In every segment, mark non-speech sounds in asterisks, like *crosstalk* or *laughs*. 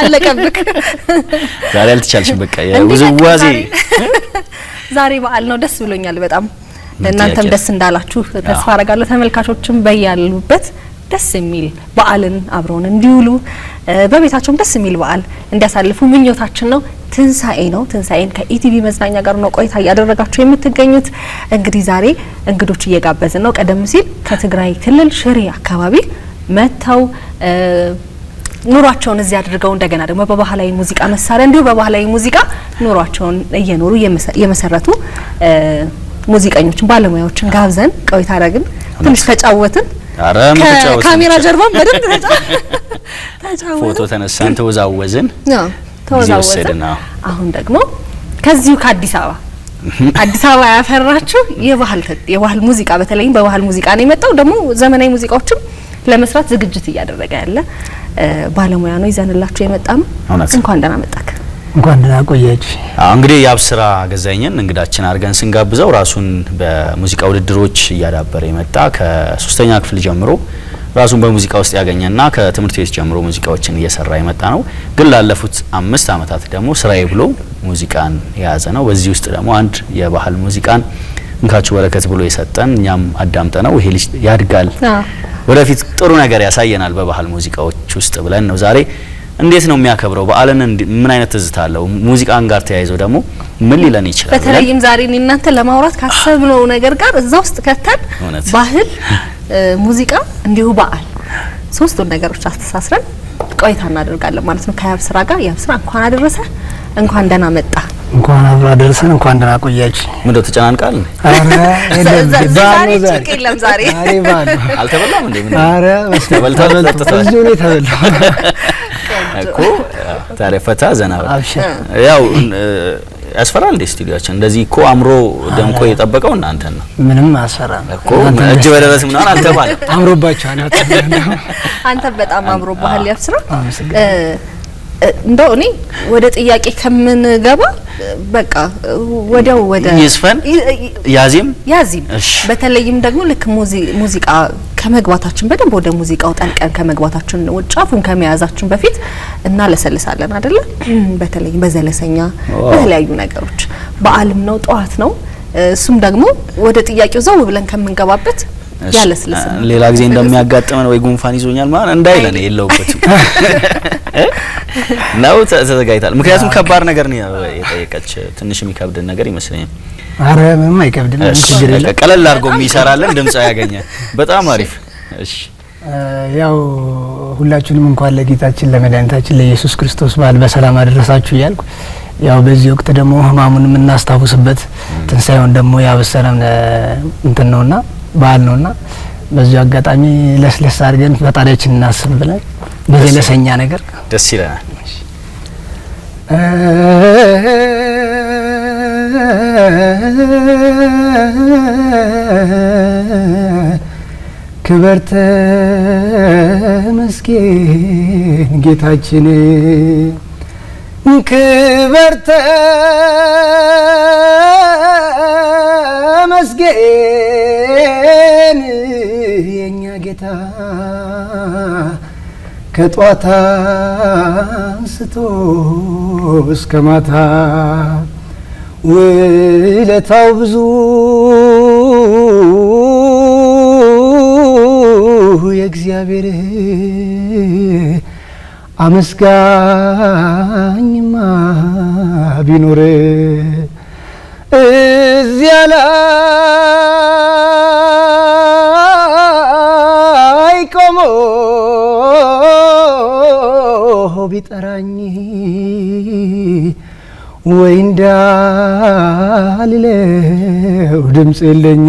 አለቀብክ። ዛሬ አልተቻልሽም። በቃ የውዝዋዜ *laughs* ዛሬ በዓል ነው። ደስ ብሎኛል በጣም እናንተም ደስ እንዳላችሁ ተስፋ አረጋለሁ። ተመልካቾችም በያሉበት ደስ የሚል በዓልን አብረውን እንዲውሉ በቤታቸውም ደስ የሚል በዓል እንዲያሳልፉ ምኞታችን ነው። ትንሳኤ ነው። ትንሳኤን ከኢቲቪ መዝናኛ ጋር ነው ቆይታ እያደረጋችሁ የምትገኙት። እንግዲህ ዛሬ እንግዶች እየጋበዝን ነው። ቀደም ሲል ከትግራይ ክልል ሽሬ አካባቢ መጥተው ኑሯቸውን እዚህ አድርገው እንደገና ደግሞ በባህላዊ ሙዚቃ መሳሪያ እንዲሁ በባህላዊ ሙዚቃ ኑሯቸውን እየኖሩ የመሰረቱ ሙዚቀኞችን ባለሙያዎችን ጋብዘን ቆይታ አረግን፣ ትንሽ ተጫወትን። ካሜራ ጀርባን በደንብ *laughs* ተጫወትን፣ ፎቶ ተነሳን፣ ተወዛወዝን ተወዛወዝን። አሁን ደግሞ ከዚሁ ከአዲስ አበባ *laughs* አዲስ አበባ ያፈራችሁ የባህል የባህል ሙዚቃ በተለይም በባህል ሙዚቃ ነው የመጣው ደግሞ ዘመናዊ ሙዚቃዎችም ለመስራት ዝግጅት እያደረገ ያለ ባለሙያ ነው ይዘንላችሁ የመጣ ነው። እንኳን ደህና መጣክ። እንኳን ደህና ቆያችሁ። እንግዲህ የአብስራ ገዛኸኝን እንግዳችን አድርገን ስንጋብዘው ራሱን በሙዚቃ ውድድሮች እያዳበረ የመጣ ከሶስተኛ ክፍል ጀምሮ ራሱን በሙዚቃ ውስጥ ያገኘና ከትምህርት ቤት ጀምሮ ሙዚቃዎችን እየሰራ የመጣ ነው። ግን ላለፉት አምስት ዓመታት ደግሞ ስራዬ ብሎ ሙዚቃን የያዘ ነው። በዚህ ውስጥ ደግሞ አንድ የባህል ሙዚቃን እንካችሁ በረከት ብሎ የሰጠን እኛም አዳምጠ ነው ይሄ ልጅ ያድጋል፣ ወደፊት ጥሩ ነገር ያሳየናል በባህል ሙዚቃዎች ውስጥ ብለን ነው ዛሬ እንዴት ነው የሚያከብረው በዓልን? ምን አይነት ትዝታ አለው? ሙዚቃን ጋር ተያይዞ ደግሞ ምን ሊለን ይችላል? በተለይም ዛሬ እናንተ ለማውራት ካሰብነው ነገር ጋር እዛ ውስጥ ከተን ባህል፣ ሙዚቃ እንዲሁ በዓል ሶስቱን ነገሮች አስተሳስረን ቆይታ እናደርጋለን ማለት ነው። ከያብ ስራ ጋር ያብ ስራ እንኳን አደረሰ እንኳን ደህና መጣ እንኳን አብሮ አደረሰን። እንኳን ደህና ቆያችሁ። ምን ነው ተጨናንቃል? አረ *laughs* የለም ዛሬ አልተበላም እንዴ? ምን አረ ተበልቷል እኮ ታዲያ ፈታ ዘና ያው ያስፈራል እንዴ? ስቱዲዮአችን እንደዚህ እኮ አምሮ ደምቆ የጠበቀው እናንተን ነው። ምንም አስፈራም እኮ እጅ በደረስ ምናምን አልተባለ *laughs* አምሮባችኋል። አንተ በጣም አምሮ ባህል ያስራ እንደው እኔ ወደ ጥያቄ ከምን ገባ በቃ ወዲያው ወደ ይስፈን ያዚም ያዚም በተለይም ደግሞ ልክ ሙዚቃ ከመግባታችን በደንብ ወደ ሙዚቃው ጠልቀን ከመግባታችን ነው ጫፉን ከመያዛችን በፊት እናለሰልሳለን አይደለ? በተለይ በዘለሰኛ በተለያዩ ነገሮች በዓልም ነው ጠዋት ነው። እሱም ደግሞ ወደ ጥያቄው ዘው ብለን ከምንገባበት ያለስልስ ሌላ ጊዜ እንደሚያጋጥመን ወይ ጉንፋን ይዞኛል ማለት እንዳይለን የለውበትም *laughs* ነው ተዘጋጅታል። ምክንያቱም ከባድ ነገር ነው የጠየቀች ትንሽ የሚከብድን ነገር ይመስለኛል። አረ ምንም አይከብድም። ችግር የለም። ቀለል አድርጎ የሚሰራለን ድምጽ ያገኘ በጣም አሪፍ። እሺ ያው ሁላችሁንም እንኳን ለጌታችን ለመድኃኒታችን ለኢየሱስ ክርስቶስ በዓል በሰላም አደረሳችሁ እያልኩ ያው በዚህ ወቅት ደግሞ ህማሙን የምናስታውስበት ትንሳኤውን ደግሞ ያበሰረን እንትን ነውና በዓል ነውና በዚሁ አጋጣሚ ለስለስ አድርገን ፈጣሪያችን እናስብ ብለን በጀለሰኛ ነገር ደስ ይለናል። ክበርተ መስጌን ጌታችን ክበርተ መስጌን የእኛ ጌታ ከጧታ አንስቶ እስከ ማታ ውለታው ብዙ የእግዚአብሔር አመስጋኝማ ቢኖር እዚያ ቢጠራኝ ወይ እንዳልለው ድምፅ የለኝ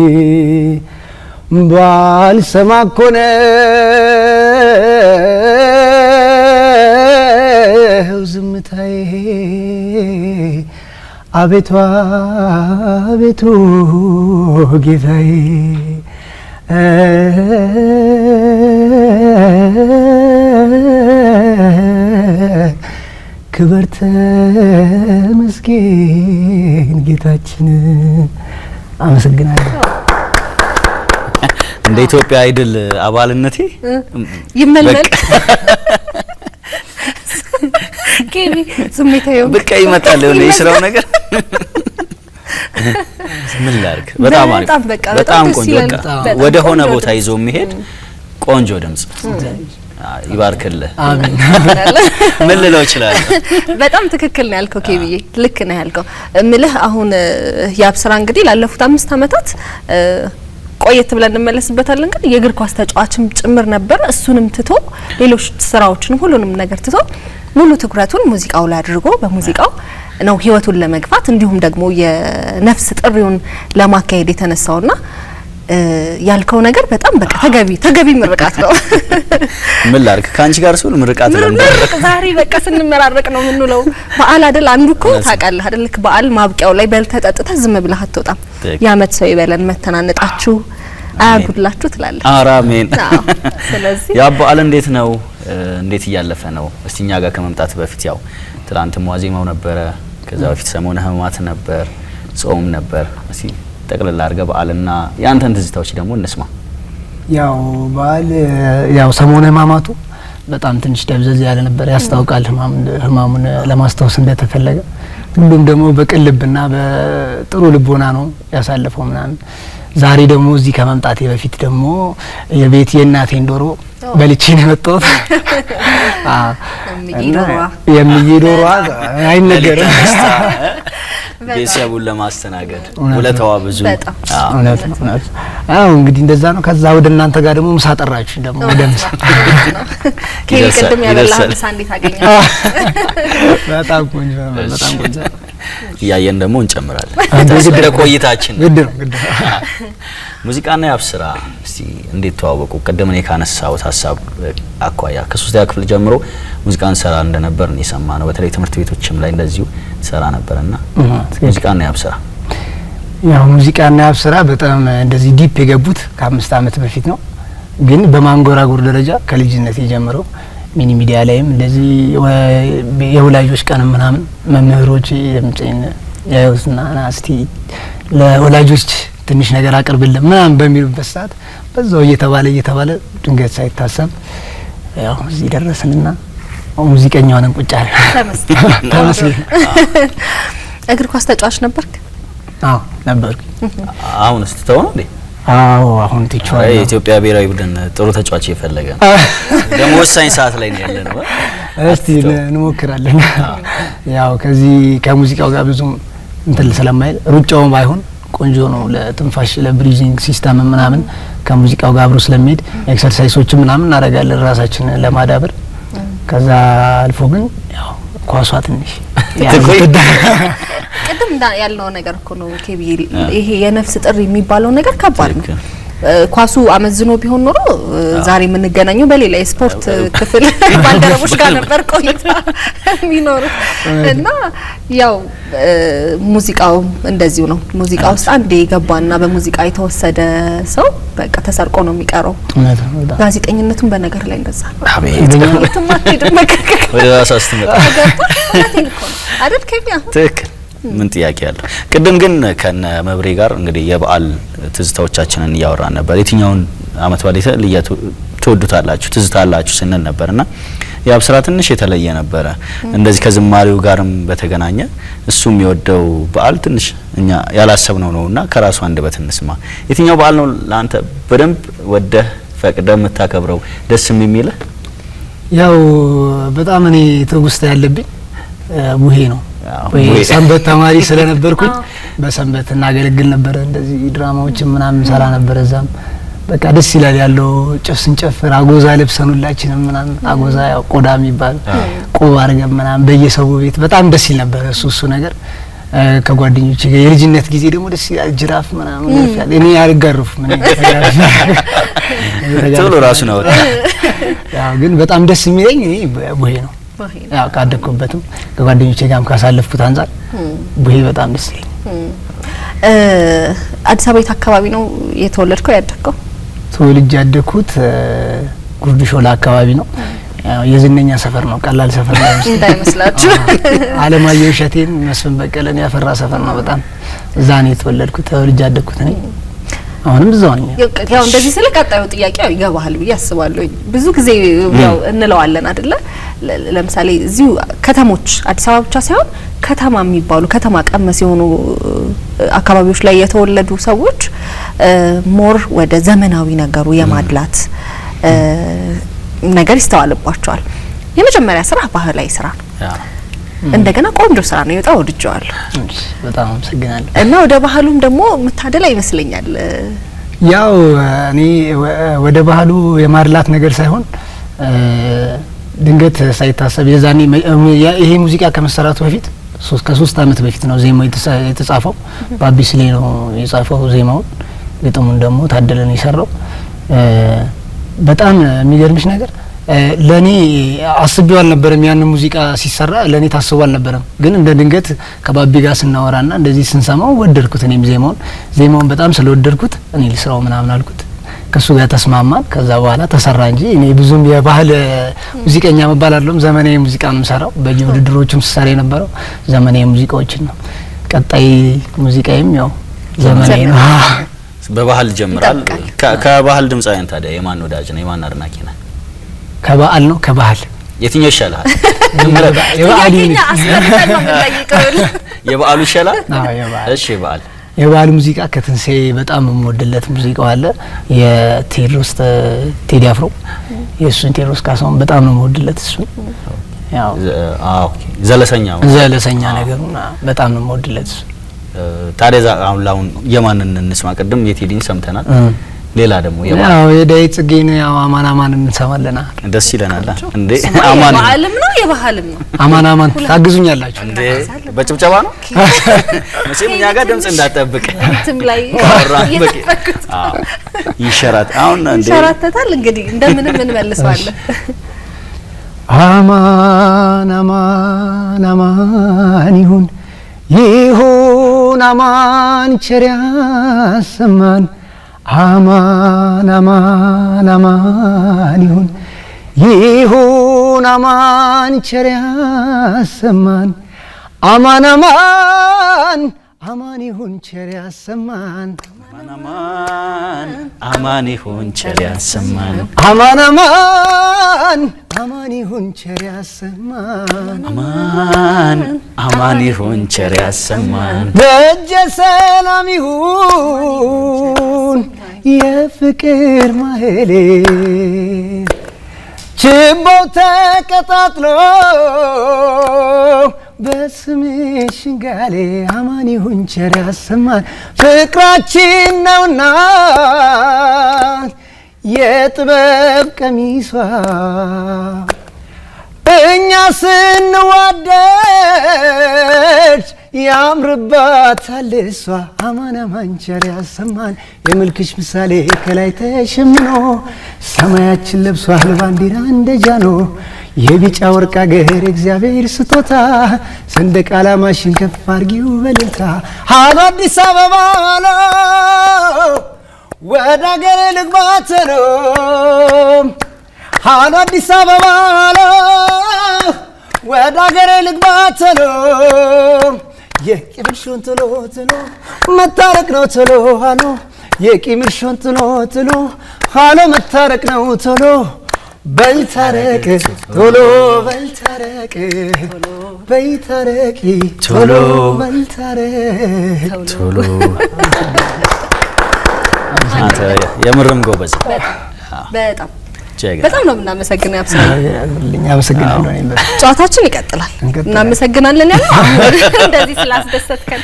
ባልሰማ እኮ ነው ዝምታዬ። አቤቱ አቤቱ ጌታዬ ክበር ተመስገን ጌታችን። አመሰግናለሁ። እንደ ኢትዮጵያ አይድል አባልነቴ ይመልመል ኬቢ ስሜታዊ በቃ ይመጣል። የሆነ የስራው ነገር ምን ላድርግ። በጣም አሪፍ፣ በጣም ቆንጆ፣ ወደ ሆነ ቦታ ይዞ የሚሄድ ቆንጆ ድምጽ ይባርክልህ። አሜን። ምን ልለው ይችላል? በጣም ትክክል ነው ያልከው ኬቢዬ፣ ልክ ነው ያልከው። እምልህ አሁን የአብስራ እንግዲህ ላለፉት አምስት አመታት ቆየት ብለን እንመለስበታለን። ግን የእግር ኳስ ተጫዋችም ጭምር ነበር። እሱንም ትቶ ሌሎች ስራዎችን ሁሉንም ነገር ትቶ ሙሉ ትኩረቱን ሙዚቃው ላይ አድርጎ በሙዚቃው ነው ህይወቱን ለመግፋት እንዲሁም ደግሞ የነፍስ ጥሪውን ለማካሄድ የተነሳውና ያልከው ነገር በጣም በቃ ተገቢ ተገቢ ምርቃት ነው። ምን ላድርግ ካንቺ ጋር ስል ምርቃት ነው። ምርቅ ዛሬ በቃ ስንመራረቅ ነው የምንውለው። በዓል አይደል? አንዱ እኮ ታውቃለህ አይደል? ልክ በዓል ማብቂያው ላይ በልተህ ጠጥተህ ዝም ብለህ አትወጣም። የዓመት ሰው ይበለን፣ መተናነጣችሁ አያጉድላችሁ ትላለህ። አራሜን ስለዚህ ያ በዓል እንዴት ነው? እንዴት እያለፈ ነው? እስቲ እኛ ጋር ከመምጣት በፊት ያው ትላንት ዋዜማው ነበረ። ከዛ በፊት ሰሞነ ሕማማት ነበር፣ ጾም ነበር። እስቲ ጠቅልላ አድርገህ በዓልና የአንተን ትዝታዎች ደግሞ እንስማ። ያው በዓል ያው ሰሞነ ህማማቱ በጣም ትንሽ ደብዘዝ ያለ ነበር፣ ያስታውቃል ህማሙን ለማስታወስ እንደተፈለገ ሁሉም ደግሞ በቅን ልብና በጥሩ ልቦና ነው ያሳለፈው ምናምን። ዛሬ ደግሞ እዚህ ከመምጣቴ በፊት ደግሞ የቤት የእናቴን ዶሮ በልቼ ነው የመጣሁት። የሚዬ ዶሮዋ አይነገርም ቤተሰቡን ለማስተናገድ ውለታዋ ብዙ እውነት ነው። እንግዲህ እንደዛ ነው። ከዛ ወደ እናንተ ጋር ደግሞ ምሳ ጠራችሁ። ደግሞ ወደ ምሳ ቅድም ያበላህ ምሳ እንዴት አገኘ? *laughs* በጣም ቆንጆ በጣም ቆንጆ እያየን ደግሞ እንጨምራለን። ግድ ነው ግድ ነው። *laughs* ሙዚቃና የአብ ስራ እስቲ እንዴት ተዋወቁ? ቅድም እኔ ካነሳሁት ሀሳብ አኳያ ከሶስተኛ ክፍል ጀምሮ ሙዚቃን ሰራ እንደነበር ነው የሰማ ነው። በተለይ ትምህርት ቤቶችም ላይ እንደዚሁ ትሰራ ነበርና ሙዚቃና የአብ ስራ ያው ሙዚቃና የአብ ስራ በጣም እንደዚህ ዲፕ የገቡት ከአምስት አመት በፊት ነው። ግን በማንጎራጉር ደረጃ ከልጅነት የጀምረው ሚኒ ሚዲያ ላይም እንደዚህ የወላጆች ቀን ምናምን መምህሮች የምጭን ያዩትና ና እስቲ ለወላጆች ትንሽ ነገር አቅርብልን ምናምን በሚሉበት ሰዓት በዛው እየተባለ እየተባለ ድንገት ሳይታሰብ ያው እዚህ ደረስንና ሙዚቀኛ ሆነን ቁጭ አለ። ተመስገን። *laughs* እግር ኳስ ተጫዋች ነበርክ? አዎ ነበርኩ። አሁን ስትተው ነው አዎ አሁን ትቼዋለሁ። የኢትዮጵያ ብሔራዊ ቡድን ጥሩ ተጫዋች እየፈለገ ነው። *laughs* ደግሞ ወሳኝ ሰዓት ላይ ነው ነው። እስቲ እንሞክራለን። ያው ከዚህ ከሙዚቃው ጋር ብዙም እንትን ስለማይል ሩጫውም ባይሆን ቆንጆ ነው ለትንፋሽ ለብሪዚንግ ሲስተም ምናምን ከሙዚቃው ጋር አብሮ ስለሚሄድ ኤክሰርሳይሶች ምናምን እናደርጋለን ራሳችን ለማዳበር። ከዛ አልፎ ግን ያው ኳሷ ትንሽ ቅድም ያልነው ነገር እኮ ነው። ይሄ የነፍስ ጥሪ የሚባለው ነገር ከባድ ነው። ኳሱ አመዝኖ ቢሆን ኖሮ ዛሬ የምንገናኘው በሌላ የስፖርት ክፍል *laughs* ባልደረቦች ጋር ነበር ቆይታ የሚኖሩ እና ያው ሙዚቃው እንደዚሁ ነው። ሙዚቃ ውስጥ አንዴ የገባና በሙዚቃ የተወሰደ ሰው በቃ ተሰርቆ ነው የሚቀረው። ጋዜጠኝነቱን በነገር ላይ እንደዛ ነው። ትክክል ምን ጥያቄ አለው ቅድም ግን ከነ መብሬ ጋር እንግዲህ የበዓል ትዝታዎቻችንን እያወራን ነበር። የትኛውን አመት በዓል የተለየ ትወዱታላችሁ ትዝታላችሁ ስንል ነበርና የአብስራ ትንሽ የተለየ ነበረ። እንደዚህ ከዝማሬው ጋርም በተገናኘ እሱም የወደው በዓል ትንሽ እኛ ያላሰብነው ነውና ከራሱ አንድ በትንስማ የትኛው በዓል ነው ለአንተ በደንብ ወደህ ፈቅደ የምታከብረው ደስ የሚልህ? ያው በጣም እኔ ትውስታ ያለብኝ ቡሄ ነው። ሰንበት ተማሪ *laughs* ስለነበርኩኝ በሰንበት እናገለግል ነበረ። እንደዚህ ድራማዎችን ምናምን ሰራ ነበረ። እዛም በቃ ደስ ይላል ያለው ጭፍ ስንጨፍር አጎዛ ለብሰን ሁላችንም ምናምን አጎዛ ያው ቆዳ የሚባል ቆብ አድርገን ምናምን በየሰው ቤት በጣም ደስ ይል ነበረ። እሱ እሱ ነገር ከጓደኞች ጋር የልጅነት ጊዜ ደግሞ ደስ ይላል። ጅራፍ ምናምን እኔ አልጋርፍ ምን *laughs* ቶሎ ራሱ ነው ግን በጣም ደስ የሚለኝ እኔ ቡሄ ነው። ያው ካደግኩበትም ከጓደኞቼ ጋርም ካሳለፍኩት አንጻር ቡሄ በጣም ደስ ይለኝ። አዲስ አበባ የት አካባቢ ነው የተወለድከው ያደግከው? ተወልጄ ያደግኩት ጉርድ ሾላ አካባቢ ነው። የዝነኛ ሰፈር ነው። ቀላል ሰፈር ነው *laughs* እንዳይመስላችሁ። አለማየሁ እሸቴን መስፍን በቀለን ያፈራ ሰፈር ነው። በጣም እዛ ነው የተወለድኩት ተወልጄ ያደግኩት ነኝ። አሁንም እዛው ነኝ። ያው እንደዚህ ስለ ቀጣዩ ጥያቄ ያው ይገባሃል ብዬ አስባለሁ። ብዙ ጊዜ ያው እንለዋለን አይደለ ለምሳሌ እዚሁ ከተሞች አዲስ አበባ ብቻ ሳይሆን ከተማ የሚባሉ ከተማ ቀመስ የሆኑ አካባቢዎች ላይ የተወለዱ ሰዎች ሞር ወደ ዘመናዊ ነገሩ የማድላት ነገር ይስተዋልባቸዋል። የመጀመሪያ ስራ ባህላዊ ስራ ነው። እንደገና ቆንጆ ስራ ነው። የወጣ ወድጀዋል። በጣም አመሰግናለሁ። እና ወደ ባህሉም ደግሞ መታደል ይመስለኛል። ያው እኔ ወደ ባህሉ የማድላት ነገር ሳይሆን ድንገት ሳይታሰብ የዛኔ ይሄ ሙዚቃ ከመሰራቱ በፊት ከሶስት አመት በፊት ነው ዜማው የተጻፈው። ላይ ነው የጻፈው ዜማውን፣ ግጥሙን ደግሞ ታደለ ነው የሰራው። በጣም የሚገርምሽ ነገር ለእኔ አስቤው አልነበረም። ያን ሙዚቃ ሲሰራ ለእኔ ታስቦ አልነበረም፣ ግን እንደ ድንገት ከባቢ ጋር ስናወራና እንደዚህ ስንሰማው ወደድኩት። እኔም ዜማውን ዜማውን በጣም ስለወደድኩት እኔ ልስራው ምናምን አልኩት። ከሱ ጋር ተስማማን። ከዛ በኋላ ተሰራ እንጂ እኔ ብዙም የባህል ሙዚቀኛ መባል አለውም። ዘመናዊ ሙዚቃ ነው የምሰራው። በየውድድሮቹም ስሰራ የነበረው ዘመናዊ ሙዚቃዎችን ነው። ቀጣይ ሙዚቃዬም ያው ዘመናዊ ነው። በባህል ጀምራል። ከባህል ድምፃውያን ታዲያ የማን ወዳጅ ነው? የማን አድናቂ ነው? ከበዓል ነው ከባህል የትኛው ይሻላል? *laughs* የበዓሉ ይሻላል። *laughs* እሺ በዓል የባህል ሙዚቃ ከትንሣኤ በጣም የምወድለት ሙዚቃው አለ። የቴድሮስ ቴዲ አፍሮ የእሱን ቴድሮስ ካሳሁን በጣም ነው የምወድለት እሱ ዘለሰኛ ዘለሰኛ ነገሩ በጣም ነው የምወድለት እሱ። ታዲያ አሁን ላሁን የማንን እንስማ? ቅድም የቴዲን ሰምተናል። ሌላ ደግሞ ያው የዳይ ጽጌን ያው አማን አማን እንሰማለና ደስ ይለናል። እንዴ አማን ዓለም ነው የባህልም ነው። አማን አማን ታግዙኛላችሁ እንዴ? በጭብጨባ ነው *laughs* መቼም እኛ ጋር ድምጽ እንዳጠብቅ ትም ላይ *laughs* ይሸራት አሁን እንዴ ይሸራተታል። እንግዲህ እንደምንም እንመልሰዋለን። *laughs* አማን አማን አማን ይሁን ይሁን አማን ቸር ያሰማን አማን አማን አማን ይሁን ይሁን አማን ቸር ያሰማን አማን አማን አማን ይሁን ቸር ያሰማን አማን አማን ይሁን ቸር ያሰማን። አማን አማን አማን ይሁን ቸር ያሰማን። አማን አማን ይሁን ቸር ያሰማን። ደጀ ሰላም ይሁን የፍቅር ማህሌ ችቦ ተቀጣጥሎ በስምሽ ሽንጋሌ አማን ይሁን ቸር ያሰማን ፍቅራችን ነውና የጥበብ ቀሚሷ እኛ ስንዋደድ ያምርባታል እሷ አማን አማን ቸር ያሰማን የመልክሽ ምሳሌ ከላይ ተሸምኖ ሰማያችን ለብሷል ባንዲራ እንደ ጃኖ የቢጫ ወርቅ አገር እግዚአብሔር ስጦታ ሰንደቅ ዓላማሽን ከፍ አርጊው በልታ ሀሎ አዲስ አበባ ሃሎ ወደ አገሬ ልግባት ነው ሀሎ አዲስ አበባ ሃሎ ወደ አገሬ ልግባት ነው የቂምርሾን ትሎ ትሎ መታረቅ ነው ትሎ ሀሎ የቂምርሾን ትሎ ትሎ ሀሎ መታረቅ ነው ትሎ በይታረቅ ቶሎ በይታረቅ በይታረቂ ቶሎ በይታረቅ ቶሎ። የምርም ጎበዝ በጣም በጣም ነው የምናመሰግነው። አመሰግናለሁ። ጨዋታችን ይቀጥላል። እናመሰግናለን ያለው *laughs* እንደዚህ ስላስደሰትከን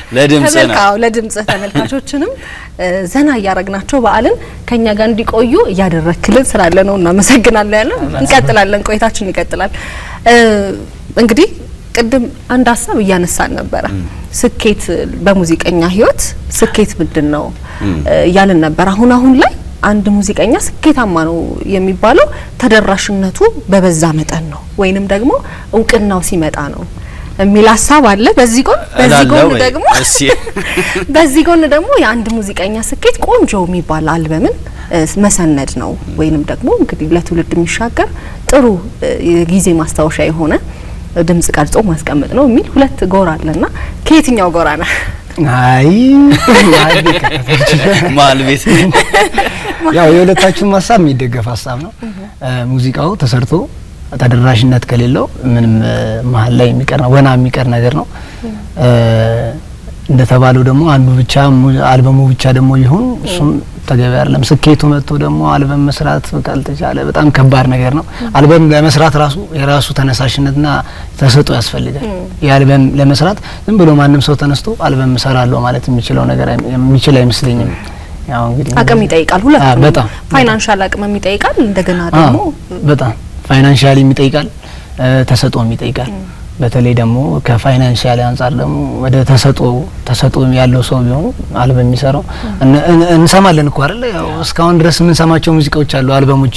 ለድምጽህ ተመልካቾችንም ዘና እያረግናቸው በዓልን ከኛ ጋር እንዲቆዩ እያደረክልን ስላለ ነው እናመሰግናለን ያለው። እንቀጥላለን፣ ቆይታችን ይቀጥላል። እንግዲህ ቅድም አንድ ሀሳብ እያነሳን ነበረ። ስኬት በሙዚቀኛ ህይወት ስኬት ምንድን ነው እያልን ነበር። አሁን አሁን ላይ አንድ ሙዚቀኛ ስኬታማ ነው የሚባለው ተደራሽነቱ በበዛ መጠን ነው ወይንም ደግሞ እውቅናው ሲመጣ ነው የሚል ሀሳብ አለ። በዚህ ጎን በዚህ ጎን ደግሞ *laughs* በዚህ ጎን ደግሞ የአንድ ሙዚቀኛ ስኬት ቆንጆ የሚባል አልበምን መሰነድ ነው ወይንም ደግሞ እንግዲህ ለትውልድ የሚሻገር ጥሩ የጊዜ ማስታወሻ የሆነ ድምጽ ቀርጾ ማስቀመጥ ነው የሚል ሁለት ጎራ አለና ከየትኛው ጎራ ነ? አይ መሀል ቤት ያው የሁለታችሁም ሀሳብ የሚደገፍ ሀሳብ ነው። ሙዚቃው ተሰርቶ ተደራሽነት ከሌለው ምንም መሀል ላይ የሚቀር ወና የሚቀር ነገር ነው። እንደተባለው ደግሞ አንዱ ብቻ አልበሙ ብቻ ደግሞ ይሁን እሱም ተገበያ አይደለም። ስኬቱ መጥቶ ደግሞ አልበም መስራት ካልተቻለ በጣም ከባድ ነገር ነው። አልበም ለመስራት ራሱ የራሱ ተነሳሽነትና ተሰጦ ያስፈልጋል። የአልበም ለመስራት ዝም ብሎ ማንም ሰው ተነስቶ አልበም እሰራለሁ ማለት የሚችለው ነገር የሚችል አይመስለኝም። ያው እንግዲህ አቅም ይጠይቃል። ሁለቱም በጣም ፋይናንሻል አቅምም ይጠይቃል። እንደገና ደግሞ በጣም ፋይናንሻሊ ይጠይቃል፣ ተሰጥኦም ይጠይቃል። በተለይ ደግሞ ከፋይናንሻል አንጻር ደግሞ ወደ ተሰጦ ተሰጦ ያለው ሰው ቢሆን አልበም የሚሰራው እንሰማለን እኮ አይደል? ያው እስካሁን ድረስ የምንሰማቸው ሙዚቃዎች አሉ፣ አልበሞች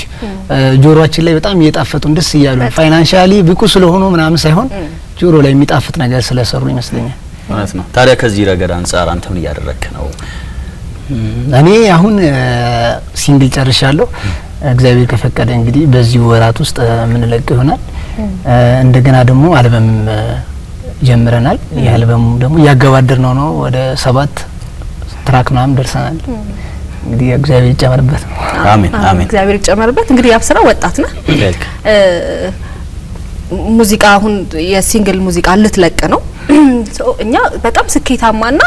ጆሮአችን ላይ በጣም እየጣፈጡን ደስ እያሉ ፋይናንሻሊ ብቁ ስለሆኑ ምናምን ሳይሆን ጆሮ ላይ የሚጣፍጥ ነገር ስለሰሩ ይመስለኛል። ማለት ነው። ታዲያ ከዚህ ረገድ አንጻር አንተ ምን እያደረክ ነው? እኔ አሁን ሲንግል ጨርሻለሁ። እግዚአብሔር ከፈቀደ እንግዲህ በዚህ ወራት ውስጥ ምን ይሆናል እንደገና ደግሞ አልበም ጀምረናል። ይህ የአልበሙ ደግሞ እያገባደር ነው ነው ወደ ሰባት ትራክ ምናምን ደርሰናል። እንግዲህ እግዚአብሔር ይጨመርበት ነው። አሜን አሜን። እግዚአብሔር ይጨመርበት። እንግዲህ ያብስራ ወጣት ነህ። ሙዚቃ አሁን የሲንግል ሙዚቃ ልትለቅ ነው። *clears throat* እኛ በጣም ስኬታማና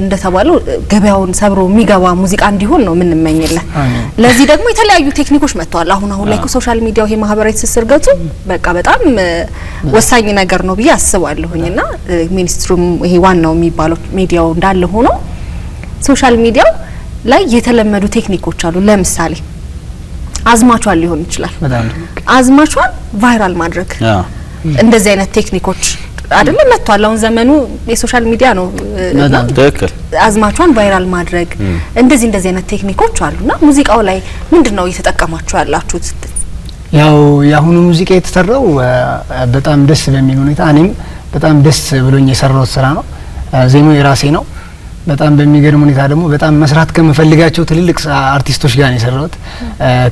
እንደተባለው ገበያውን ሰብሮ የሚገባ ሙዚቃ እንዲሆን ነው የምንመኝለን። ለዚህ ደግሞ የተለያዩ ቴክኒኮች መጥተዋል። አሁን አሁን ላይ ሶሻል ሚዲያው ይሄ ማህበራዊ ትስስር ገጹ በቃ በጣም ወሳኝ ነገር ነው ብዬ አስባለሁኝና ሚኒስትሩም ይሄ ዋናው የሚባለው ሚዲያው እንዳለ ሆኖ ሶሻል ሚዲያው ላይ የተለመዱ ቴክኒኮች አሉ። ለምሳሌ አዝማቿን ሊሆን ይችላል አዝማቿን ቫይራል ማድረግ እንደዚህ አይነት ቴክኒኮች አይደለም መጥቷል። አሁን ዘመኑ የሶሻል ሚዲያ ነው። ትክክል። አዝማቿን ቫይራል ማድረግ እንደዚህ እንደዚህ አይነት ቴክኒኮች አሉና ሙዚቃው ላይ ምንድን ነው እየተጠቀማችሁ ያላችሁት? ያው የአሁኑ ሙዚቃ የተሰራው በጣም ደስ በሚል ሁኔታ እኔም በጣም ደስ ብሎኝ የሰራሁት ስራ ነው። ዜማው የራሴ ነው። በጣም በሚገርም ሁኔታ ደግሞ በጣም መስራት ከምፈልጋቸው ትልልቅ አርቲስቶች ጋር ነው የሰራሁት።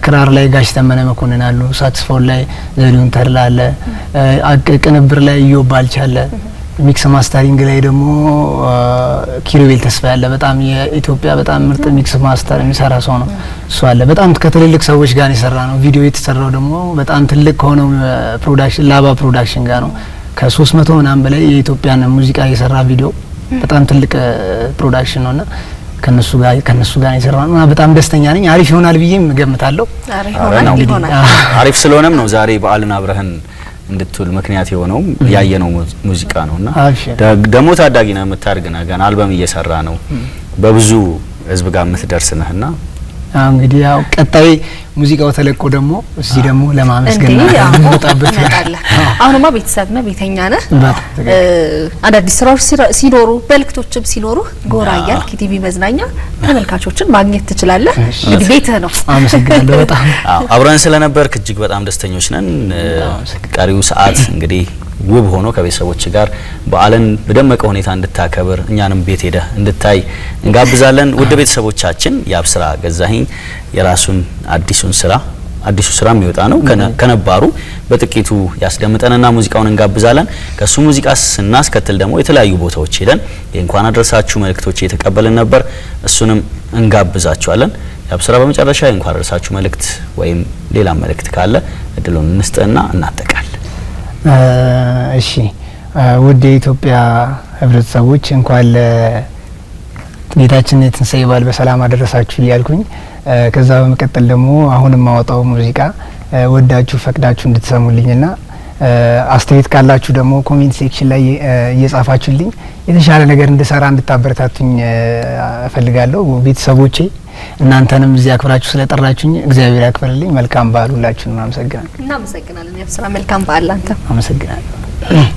ክራር ላይ ጋሽ ተመነ መኮንን አሉ፣ ሳክስፎን ላይ ዘሪሁን ተድላ አለ፣ ቅንብር ላይ እዮ ባልቻ አለ፣ ሚክስ ማስተሪንግ ላይ ደግሞ ኪሩቤል ተስፋ ያለ በጣም የኢትዮጵያ በጣም ምርጥ ሚክስ ማስተር የሚሰራ ሰው ነው እሱ አለ። በጣም ከትልልቅ ሰዎች ጋር የሰራ ነው። ቪዲዮ የተሰራው ደግሞ በጣም ትልቅ ከሆነው ፕሮዳክሽን ላባ ፕሮዳክሽን ጋር ነው። ከሶስት መቶ ምናምን በላይ የኢትዮጵያን ሙዚቃ የሰራ ቪዲዮ በጣም ትልቅ ፕሮዳክሽን ነውና ከነሱ ጋር ከነሱ ጋር የሰራ ነው። በጣም ደስተኛ ነኝ። አሪፍ ይሆናል ብዬም ገምታለሁ። አሪፍ ስለሆነም ነው ዛሬ በዓልን አብረህን እንድትውል ምክንያት የሆነውም ያየነው ሙዚቃ ነውና ደግሞ ታዳጊ ነው የምታርግ ገና አልበም እየሰራ ነው በብዙ ህዝብ ጋር የምትደርስ ነህና እንግዲህ ያው ቀጣይ ሙዚቃው ተለቆ ደግሞ እዚህ ደግሞ ለማመስገን እንወጣበት። አሁንማ ቤተሰብ ነህ፣ ቤተኛ ነህ። አዳዲስ ስራዎች ሲኖሩ መልክቶችም ሲኖሩ ጎራ እያልክ ኢቲቪ መዝናኛ ተመልካቾችን ማግኘት ትችላለህ። እንግዲህ ቤትህ ነው። አመሰግናለሁ። በጣም አብረን ስለነበርክ እጅግ በጣም ደስተኞች ነን። ቀሪው ሰዓት እንግዲህ ውብ ሆኖ ከቤተሰቦች ጋር በዓልን በደመቀ ሁኔታ እንድታከብር እኛንም ቤት ሄደህ እንድታይ እንጋብዛለን። ውድ ቤተሰቦቻችን የአብስራ ገዛኸኝ የራሱን አዲሱን ስራ አዲሱ ስራ የሚወጣ ነው። ከነባሩ በጥቂቱ ያስደምጠንና ሙዚቃውን እንጋብዛለን። ከሱ ሙዚቃ ስናስከትል ደግሞ የተለያዩ ቦታዎች ሄደን የእንኳን አደረሳችሁ መልእክቶች እየተቀበልን ነበር። እሱንም እንጋብዛችኋለን። የአብስራ በመጨረሻ የእንኳን አደረሳችሁ መልእክት ወይም ሌላ መልእክት ካለ እድሉን እንስጥና እናጠቃል። እሺ ውድ የኢትዮጵያ ህብረተሰቦች እንኳን ለጌታችን የትንሳኤ በዓል በሰላም አደረሳችሁ እያልኩኝ ከዛ በመቀጠል ደግሞ አሁን የማወጣው ሙዚቃ ወዳችሁ ፈቅዳችሁ እንድትሰሙልኝና አስተያየት ካላችሁ ደግሞ ኮሜንት ሴክሽን ላይ እየጻፋችሁልኝ የተሻለ ነገር እንድሰራ እንድታበረታቱኝ እፈልጋለሁ ቤተሰቦቼ እናንተንም እዚህ አክብራችሁ ስለጠራችሁኝ እግዚአብሔር ያክብርልኝ። መልካም በዓል ሁላችሁንም። አመሰግናለሁ። እናመሰግናለን። ያብስራ። መልካም በዓል ላንተ። አመሰግናለሁ።